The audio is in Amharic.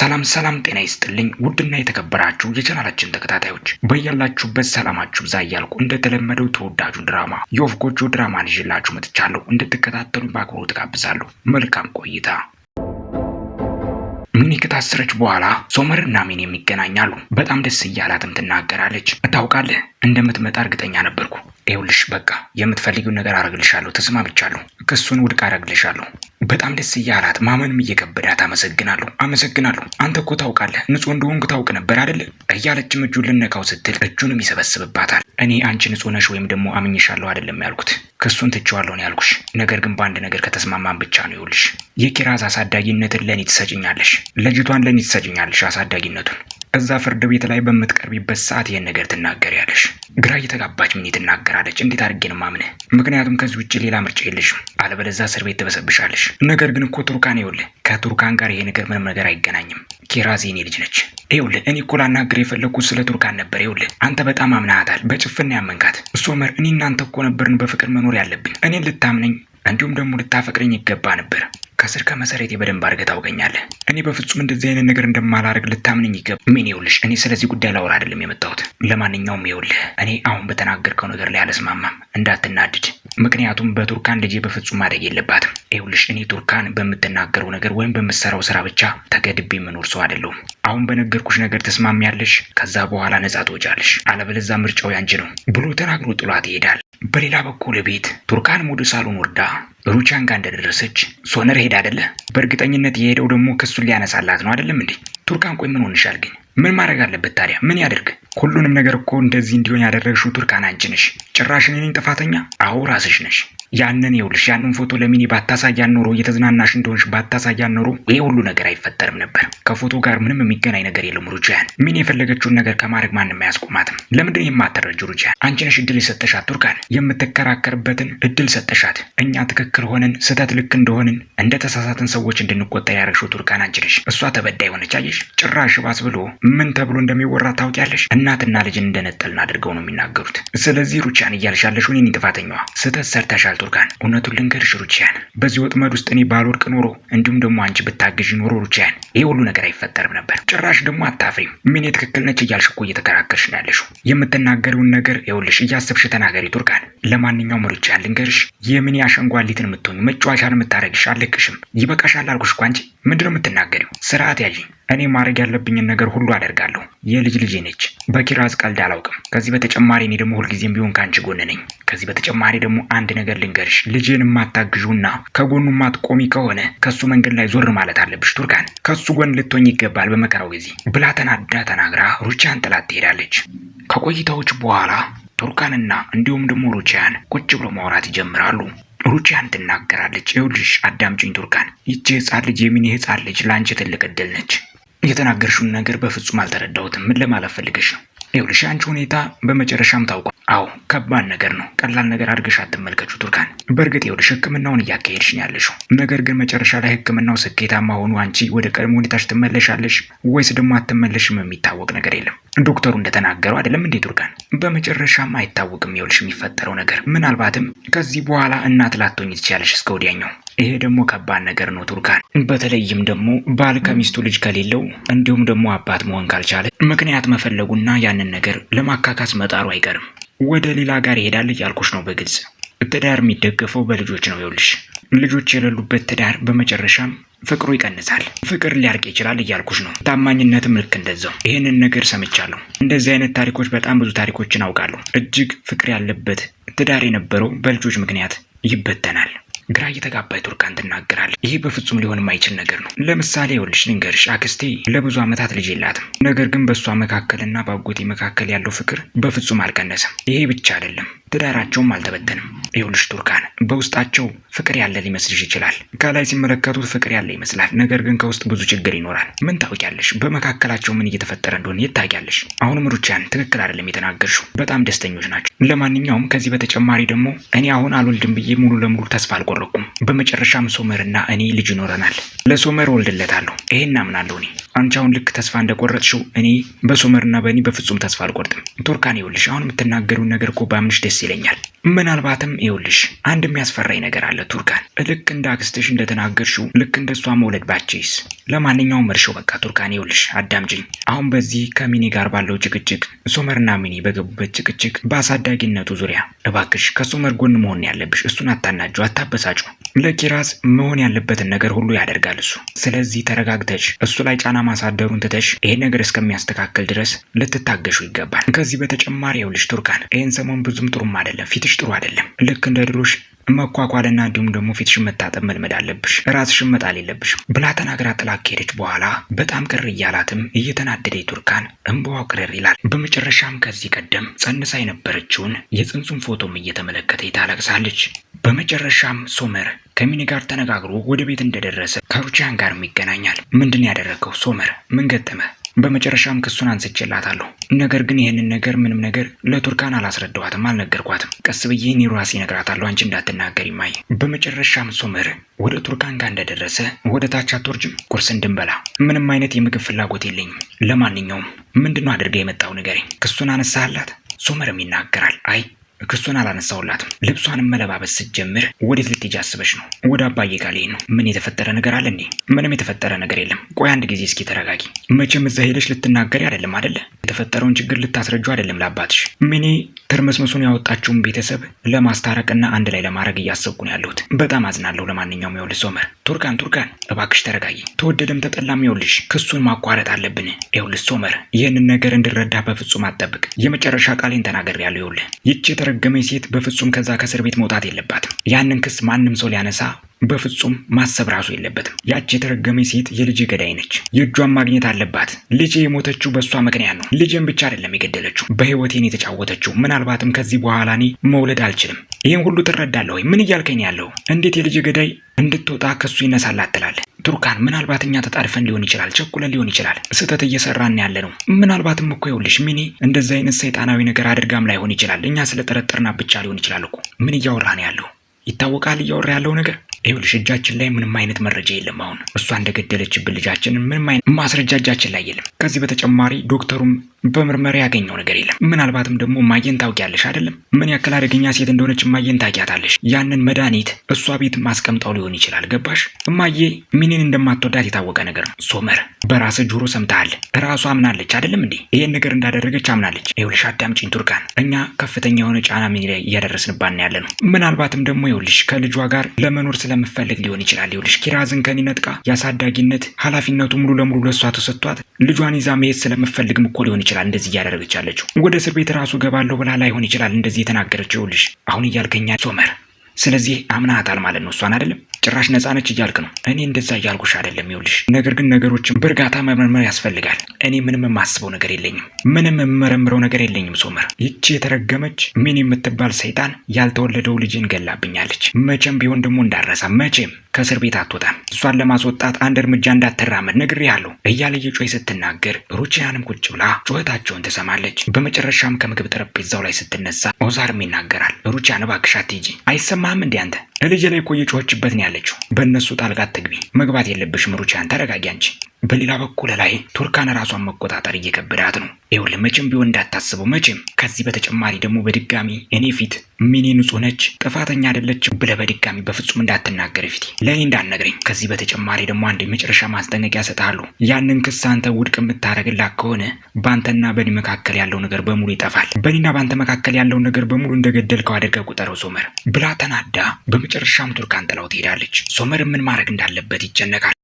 ሰላም ሰላም፣ ጤና ይስጥልኝ ውድና የተከበራችሁ የቻናላችን ተከታታዮች በያላችሁበት ሰላማችሁ ብዛ እያልኩ እንደተለመደው ተወዳጁን ድራማ የወፍ ጎጆ ድራማ ይዤላችሁ መጥቻለሁ። እንድትከታተሉ በአክብሮት ጋብዛለሁ። መልካም ቆይታ። ሚኒ ከታሰረች በኋላ ሶመር እና ሚኒ የሚገናኛሉ። በጣም ደስ እያላትም ትናገራለች። እታውቃለህ እንደምትመጣ እርግጠኛ ነበርኩ ይኸውልሽ በቃ የምትፈልጊውን ነገር አረግልሻለሁ፣ ተስማምቻለሁ፣ ክሱን ውድቅ አረግልሻለሁ። በጣም ደስ እያላት ማመንም እየከበዳት አመሰግናለሁ፣ አመሰግናለሁ፣ አንተ እኮ ታውቃለህ፣ ንጹህ እንደሆንኩ ታውቅ ነበር አይደል? እያለችም እጁን ልነካው ስትል እጁንም ይሰበስብባታል። እኔ አንቺ ንጹህ ነሽ ወይም ደግሞ አምኝሻለሁ አይደለም ያልኩት፣ ክሱን ትቼዋለሁ ነው ያልኩሽ። ነገር ግን በአንድ ነገር ከተስማማን ብቻ ነው። ይኸውልሽ የኪራዝ አሳዳጊነትን ለእኔ ትሰጭኛለሽ፣ ልጅቷን ለእኔ ትሰጭኛለሽ አሳዳጊነቱን እዛ ፍርድ ቤት ላይ በምትቀርቢበት ሰዓት ይህን ነገር ትናገሪያለሽ። ግራ እየተጋባች ምን ትናገራለች? እንዴት አድርጌ ነው ምክንያቱም ከዚህ ውጭ ሌላ ምርጫ የለሽም፣ አለበለዚያ እስር ቤት ትበሰብሻለሽ። ነገር ግን እኮ ቱርካን፣ ይኸውልህ ከቱርካን ጋር ይሄ ነገር ምንም ነገር አይገናኝም። ኪራዝ የኔ ልጅ ነች። ይኸውልህ እኔ እኮ ላናግር የፈለግኩት ስለ ቱርካን ነበር። ይኸውልህ አንተ በጣም አምናሃታል፣ በጭፍና ያመንካት። ሶመር፣ እኔ እናንተ እኮ ነበርን በፍቅር መኖር ያለብን። እኔን ልታምነኝ እንዲሁም ደግሞ ልታፈቅረኝ ይገባ ነበር። ከስር ከመሰረቴ በደንብ አድርገህ ታውቀኛለህ። እኔ በፍጹም እንደዚህ አይነት ነገር እንደማላደርግ ልታምንኝ ይገባል። ምን ይኸውልሽ፣ እኔ ስለዚህ ጉዳይ ላውራ አይደለም የመጣሁት። ለማንኛውም ይኸውልህ፣ እኔ አሁን በተናገርከው ነገር ላይ አልስማማም፣ እንዳትናድድ። ምክንያቱም በቱርካን ልጄ በፍጹም ማደግ የለባትም። ይኸውልሽ፣ እኔ ቱርካን በምትናገረው ነገር ወይም በምትሰራው ስራ ብቻ ተገድቤ የምኖር ሰው አይደለሁም። አሁን በነገርኩሽ ነገር ትስማሚያለሽ፣ ከዛ በኋላ ነጻ ትወጫለሽ፣ አለበለዛ ምርጫው ያንቺ ነው ብሎ ተናግሮ ጥሏት ይሄዳል። በሌላ በኩል ቤት ቱርካን ወደ ሳሎን ወርዳ ሩቻን ጋር እንደደረሰች ሶነር ሄድ አይደለ? በእርግጠኝነት የሄደው ደግሞ ክሱን ሊያነሳላት ነው አይደለም እንዴ? ቱርካን ቆይ ምን ሆንሻል ግን? ምን ማድረግ አለበት ታዲያ? ምን ያደርግ? ሁሉንም ነገር እኮ እንደዚህ እንዲሆን ያደረግሽው ቱርካን አንቺ ነሽ። ጭራሽ እኔ ጥፋተኛ? አዎ ራስሽ ነሽ። ያንን ይኸውልሽ ያንን ፎቶ ለሚኒ ባታሳያን ኖሮ እየተዝናናሽ እንደሆንሽ ባታሳያን ኖሮ ይሄ ሁሉ ነገር አይፈጠርም ነበር። ከፎቶ ጋር ምንም የሚገናኝ ነገር የለም ሩጂያን። ሚኒ የፈለገችውን ነገር ከማድረግ ማንም አያስቆማትም። ለምንድን የማተረጅ ሩጂያን? አንቺ ነሽ እድል የሰጠሻት ቱርካን፣ የምትከራከርበትን እድል ሰጠሻት። እኛ ትክክል ሆነን ስህተት ልክ እንደሆንን እንደ ተሳሳትን ሰዎች እንድንቆጠር ያደረግሽው ቱርካን አንቺ ነሽ። እሷ ተበዳይ ሆነች። አየሽ ጭራሽ ባስ ብሎ ምን ተብሎ እንደሚወራ ታውቂያለሽ? እናትና ልጅን እንደነጠልን አድርገው ነው የሚናገሩት። ስለዚህ ሩጂያን እያልሻለሽ ያለሽው እኔ ጥፋተኛዋ ስህተት ሰርተሻል ቱርካን፣ እውነቱን ልንገርሽ ሩቺያን፣ በዚህ ወጥመድ ውስጥ እኔ ባልወድቅ ኖሮ እንዲሁም ደግሞ አንቺ ብታግዥ ኖሮ ሩቺያን፣ ይህ ሁሉ ነገር አይፈጠርም ነበር። ጭራሽ ደግሞ አታፍሪም። ምን የትክክል ነች እያልሽ እኮ እየተከራከርሽ ነው ያለሽው። የምትናገሪውን ነገር ይኸውልሽ እያሰብሽ ተናገሪ ቱርካን። ለማንኛውም ሩቺያን ልንገርሽ፣ የሚኔ አሸንጓሊትን የምትሆኝ መጫወቻን የምታደርግሽ አልለቅሽም። ይበቃሻል አልኩሽ እኮ አንቺ ምንድነው የምትናገሪው? ስርዓት ያዥኝ። እኔ ማድረግ ያለብኝን ነገር ሁሉ አደርጋለሁ። የልጅ ልጅ ነች በኪራዝ ቀልድ አላውቅም። ከዚህ በተጨማሪ እኔ ደግሞ ሁልጊዜም ቢሆን ከአንቺ ጎን ነኝ። ከዚህ በተጨማሪ ደግሞ አንድ ነገር ልንገርሽ፣ ልጅን የማታግዡና ከጎኑ ማትቆሚ ከሆነ ከሱ መንገድ ላይ ዞር ማለት አለብሽ። ቱርካን ከሱ ጎን ልትሆኝ ይገባል በመከራው ጊዜ ብላ ተናዳ ተናግራ ሩቻን ጥላት ትሄዳለች። ከቆይታዎች በኋላ ቱርካንና እንዲሁም ደግሞ ሩቻያን ቁጭ ብሎ ማውራት ይጀምራሉ። ሩቺያን ትናገራለች። ይኸውልሽ አዳምጪኝ ቱርካን፣ ይቺ ህፃን ልጅ የሚኒ ህፃን ልጅ ለአንቺ ትልቅ እድል ነች። የተናገርሽውን ነገር በፍጹም አልተረዳሁትም። ምን ለማለት ፈልገሽ ነው? ይኸውልሽ አንቺ ሁኔታ በመጨረሻም ታውቋል። አዎ ከባድ ነገር ነው። ቀላል ነገር አድርገሽ አትመልከቹ ቱርካን። በእርግጥ ይኸውልሽ ሕክምናውን እያካሄድሽ ነው ያለሽው። ነገር ግን መጨረሻ ላይ ሕክምናው ስኬታማ ሆኖ አንቺ ወደ ቀድሞ ሁኔታሽ ትመለሻለሽ ወይስ ደግሞ አትመለሽም የሚታወቅ ነገር የለም። ዶክተሩ እንደተናገረው አይደለም እንዴ ቱርካን? በመጨረሻም አይታወቅም። ይኸውልሽ የሚፈጠረው ነገር ምናልባትም ከዚህ በኋላ እናት ላትሆኝ ትችላለሽ እስከ ወዲያኛው። ይሄ ደግሞ ከባድ ነገር ነው ቱርካን። በተለይም ደግሞ ባል ከሚስቱ ልጅ ከሌለው እንዲሁም ደግሞ አባት መሆን ካልቻለ ምክንያት መፈለጉና ያንን ነገር ለማካካስ መጣሩ አይቀርም። ወደ ሌላ ጋር ይሄዳል እያልኩሽ ነው በግልጽ። ትዳር የሚደገፈው በልጆች ነው። ይኸውልሽ ልጆች የሌሉበት ትዳር በመጨረሻም ፍቅሩ ይቀንሳል። ፍቅር ሊያርቅ ይችላል እያልኩሽ ነው። ታማኝነትም ልክ እንደዛው። ይህንን ነገር ሰምቻለሁ። እንደዚህ አይነት ታሪኮች በጣም ብዙ ታሪኮችን አውቃለሁ። እጅግ ፍቅር ያለበት ትዳር የነበረው በልጆች ምክንያት ይበተናል። ግራ እየተጋባይ ቱርካን ትናገራል። ይሄ በፍጹም ሊሆን የማይችል ነገር ነው። ለምሳሌ ይኸውልሽ ልንገርሽ፣ አክስቴ ለብዙ ዓመታት ልጅ የላትም። ነገር ግን በእሷ መካከልና በአጎቴ መካከል ያለው ፍቅር በፍጹም አልቀነሰም። ይሄ ብቻ አይደለም ትዳራቸውም አልተበተንም። ይኸውልሽ ቱርካን፣ በውስጣቸው ፍቅር ያለ ሊመስልሽ ይችላል። ከላይ ሲመለከቱት ፍቅር ያለ ይመስላል። ነገር ግን ከውስጥ ብዙ ችግር ይኖራል። ምን ታውቂያለሽ? በመካከላቸው ምን እየተፈጠረ እንደሆነ የት ታውቂያለሽ? አሁንም ሩቻን፣ ትክክል አይደለም የተናገርሽው። በጣም ደስተኞች ናቸው። ለማንኛውም ከዚህ በተጨማሪ ደግሞ እኔ አሁን አልወልድም ብዬ ሙሉ ለሙሉ ተስፋ አልቆረኩም። በመጨረሻም ሶመርና እኔ ልጅ ይኖረናል። ለሶመር ወልድለታለሁ። ይሄን አምናለሁ። እኔ አንቺ አሁን ልክ ተስፋ እንደቆረጥሽው እኔ በሶመርና በእኔ በፍጹም ተስፋ አልቆርጥም። ቱርካን፣ ይኸውልሽ አሁን የምትናገሪውን ነገር እኮ ባምንሽ ደስ ይለኛል። ምናልባትም ይኸውልሽ አንድ የሚያስፈራኝ ነገር አለ ቱርካን። ልክ እንደ አክስትሽ እንደተናገርሽው ልክ እንደ እሷ መውለድ ባችይስ። ለማንኛውም እርሺው በቃ ቱርካን፣ ይኸውልሽ አዳምጅኝ። አሁን በዚህ ከሚኒ ጋር ባለው ጭቅጭቅ፣ ሶመርና ሚኒ በገቡበት ጭቅጭቅ፣ በአሳዳጊነቱ ዙሪያ እባክሽ ከሶመር ጎን መሆን ያለብሽ። እሱን አታናጁ፣ አታበሳጩ። ለኪራስ መሆን ያለበትን ነገር ሁሉ ያደርጋል እሱ። ስለዚህ ተረጋግተሽ እሱ ላይ ጫና ማሳደሩን ትተሽ ይሄን ነገር እስከሚያስተካከል ድረስ ልትታገሹ ይገባል። ከዚህ በተጨማሪ ይኸውልሽ ቱርካን ይህን ሰሞን ብዙም ጥሩ ጥሩም አይደለም። ፊትሽ ጥሩ አይደለም። ልክ እንደ ድሮሽ መኳኳልና እንዲሁም ደግሞ ፊትሽን መታጠብ መልመድ አለብሽ፣ ራስሽን መጣል የለብሽም ብላ ተናግራ ጥላ ከሄደች በኋላ በጣም ቅር እያላትም እየተናደደ ቱርካን እንባዋ ቅርር ይላል። በመጨረሻም ከዚህ ቀደም ጸንሳ የነበረችውን የጽንሱን ፎቶም እየተመለከተ ታለቅሳለች። በመጨረሻም ሶመር ከሚኒ ጋር ተነጋግሮ ወደ ቤት እንደደረሰ ከሩቺያን ጋርም ይገናኛል። ምንድን ያደረገው ሶመር? ምን በመጨረሻም ክሱን አንስቼላታለሁ። ነገር ግን ይህንን ነገር ምንም ነገር ለቱርካን አላስረዳኋትም፣ አልነገርኳትም። ቀስ ብዬ እኔ ራሴ እነግራታለሁ፣ አንቺ እንዳትናገር ይማይ። በመጨረሻም ሶመር ወደ ቱርካን ጋር እንደደረሰ ወደ ታች አትወርጅም፣ ቁርስ እንድንበላ ምንም አይነት የምግብ ፍላጎት የለኝም። ለማንኛውም ምንድነው አድርገህ የመጣው ንገረኝ። ክሱን አነሳላት። ሶመርም ይናገራል። አይ ክሱን አላነሳውላትም። ልብሷን መለባበስ ስትጀምር ወዴት ልትሄጂ አስበሽ ነው? ወደ አባዬ ጋር ልሄድ ነው። ምን የተፈጠረ ነገር አለ እንዴ? ምንም የተፈጠረ ነገር የለም። ቆይ አንድ ጊዜ እስኪ ተረጋጊ። መቼም እዛ ሄደሽ ልትናገሪ አይደለም አደለ? የተፈጠረውን ችግር ልታስረጁ አይደለም ለአባትሽ። ምኔ ትርምስምሱን ያወጣችውን ቤተሰብ ለማስታረቅና አንድ ላይ ለማድረግ እያሰብኩ ነው ያለሁት። በጣም አዝናለሁ። ለማንኛውም ይኸውልሽ ሶመር፣ ቱርካን ቱርካን፣ እባክሽ ተረጋጊ። ተወደደም ተጠላም ይኸውልሽ ክሱን ማቋረጥ አለብን። ይኸውልሽ ሶመር፣ ይህንን ነገር እንድረዳ በፍጹም አጠብቅ። የመጨረሻ ቃሌን ተናገር ያለው ይኸውልህ ይቺ የተረገመች ሴት በፍጹም ከዛ ከእስር ቤት መውጣት የለባትም። ያንን ክስ ማንም ሰው ሊያነሳ በፍጹም ማሰብ ራሱ የለበትም። ያች የተረገመች ሴት የልጄ ገዳይ ነች፣ የእጇን ማግኘት አለባት። ልጄ የሞተችው በእሷ ምክንያት ነው። ልጄን ብቻ አይደለም የገደለችው፣ በህይወቴን የተጫወተችው። ምናልባትም ከዚህ በኋላ እኔ መውለድ አልችልም። ይህን ሁሉ ትረዳለህ ወይ? ምን እያልከኝ ያለው? እንዴት የልጄ ገዳይ እንድትወጣ ከሱ ይነሳላት ትላለህ? ቱርካን ምናልባት እኛ ተጣድፈን ሊሆን ይችላል፣ ቸኩለን ሊሆን ይችላል። ስህተት እየሰራን ያለ ነው። ምናልባትም እኮ ይኸውልሽ ሚኒ እንደዚህ አይነት ሰይጣናዊ ነገር አድርጋም ላይሆን ይችላል። እኛ ስለጠረጠርና ብቻ ሊሆን ይችላል እኮ። ምን እያወራ ነው ያለው? ይታወቃል እያወራ ያለው ነገር ይኸውልሽ እጃችን ላይ ምንም አይነት መረጃ የለም። አሁን እሷ እንደገደለችብን ልጃችንን ምንም አይነት ማስረጃ እጃችን ላይ የለም። ከዚህ በተጨማሪ ዶክተሩም በምርመራ ያገኘው ነገር የለም። ምናልባትም ደግሞ ማየን ታውቂያለሽ አይደለም? ምን ያክል አደገኛ ሴት እንደሆነች ማየን ታውቂያታለሽ። ያንን መድኃኒት እሷ ቤት ማስቀምጠው ሊሆን ይችላል። ገባሽ? እማዬ ሚኒን እንደማትወዳት የታወቀ ነገር ነው። ሶመር በራስህ ጆሮ ሰምተሃል። ራሷ አምናለች አይደለም እንዴ? ይሄን ነገር እንዳደረገች አምናለች። ይኸውልሽ አዳምጪኝ ቱርካን፣ እኛ ከፍተኛ የሆነ ጫና ሚኒ ላይ እያደረስንባት ያለ ነው። ምናልባትም ደግሞ ይኸውልሽ ከልጇ ጋር ለመኖር ስለ ስለምፈልግ ሊሆን ይችላል። ይኸውልሽ ኪራዝን ከኔ ነጥቃ የአሳዳጊነት ኃላፊነቱ ሙሉ ለሙሉ ለእሷ ተሰጥቷት ልጇን ይዛ መሄድ ስለምፈልግም እኮ ሊሆን ይችላል እንደዚህ እያደረገች ያለችው። ወደ እስር ቤት ራሱ ገባለሁ ብላ ላይሆን ይችላል እንደዚህ የተናገረችው። ይኸውልሽ አሁን እያልከኛ ሶመር፣ ስለዚህ አምናታል ማለት ነው እሷን አይደለም ጭራሽ ነፃ ነች እያልክ ነው። እኔ እንደዛ እያልኩሽ አይደለም። ይኸውልሽ፣ ነገር ግን ነገሮችን በእርጋታ መመርመር ያስፈልጋል። እኔ ምንም የማስበው ነገር የለኝም፣ ምንም የምመረምረው ነገር የለኝም። ሶመር፣ ይቺ የተረገመች ምን የምትባል ሰይጣን ያልተወለደው ልጅን ገላብኛለች። መቼም ቢሆን ደግሞ እንዳረሳ መቼም ከእስር ቤት አትወጣም። እሷን ለማስወጣት አንድ እርምጃ እንዳትራመድ ነግሬሃለሁ እያለ እየጮኸ ስትናገር ሩቺያንም ቁጭ ብላ ጩኸታቸውን ትሰማለች። በመጨረሻም ከምግብ ጠረጴዛው ላይ ስትነሳ ኦዛርም ይናገራል። ሩቺያን እባክሽ አትሂጂ፣ አይሰማህም እንዲህ አንተ ልጄ ላይ እኮ እየጮኸችበት ነው ያለችው። በእነሱ ጣልቃ አትግቢ፣ መግባት የለብሽም ሩቻን፣ ተረጋጊ አንቺ። በሌላ በኩል ላይ ቱርካን ራሷን መቆጣጠር እየከበዳት ነው። ይኸውልህ መቼም ቢሆን እንዳታስበው መቼም። ከዚህ በተጨማሪ ደግሞ በድጋሚ እኔ ፊት ሚኒ ንጹህ ነች ጥፋተኛ አይደለች ብለህ በድጋሚ በፍጹም እንዳትናገር ፊት ለእኔ እንዳትነግረኝ። ከዚህ በተጨማሪ ደግሞ አንድ የመጨረሻ ማስጠንቀቂያ እሰጥሃለሁ። ያንን ክስ አንተ ውድቅ የምታደርግላት ከሆነ በአንተና በእኔ መካከል ያለው ነገር በሙሉ ይጠፋል። በእኔና በአንተ መካከል ያለውን ነገር በሙሉ እንደገደልከው አድርገህ ቁጠረው ሶመር ብላ ተናዳ በመጨረሻም ቱርካን ጥላው ትሄዳለች። ሶመር ምን ማድረግ እንዳለበት ይጨነቃል።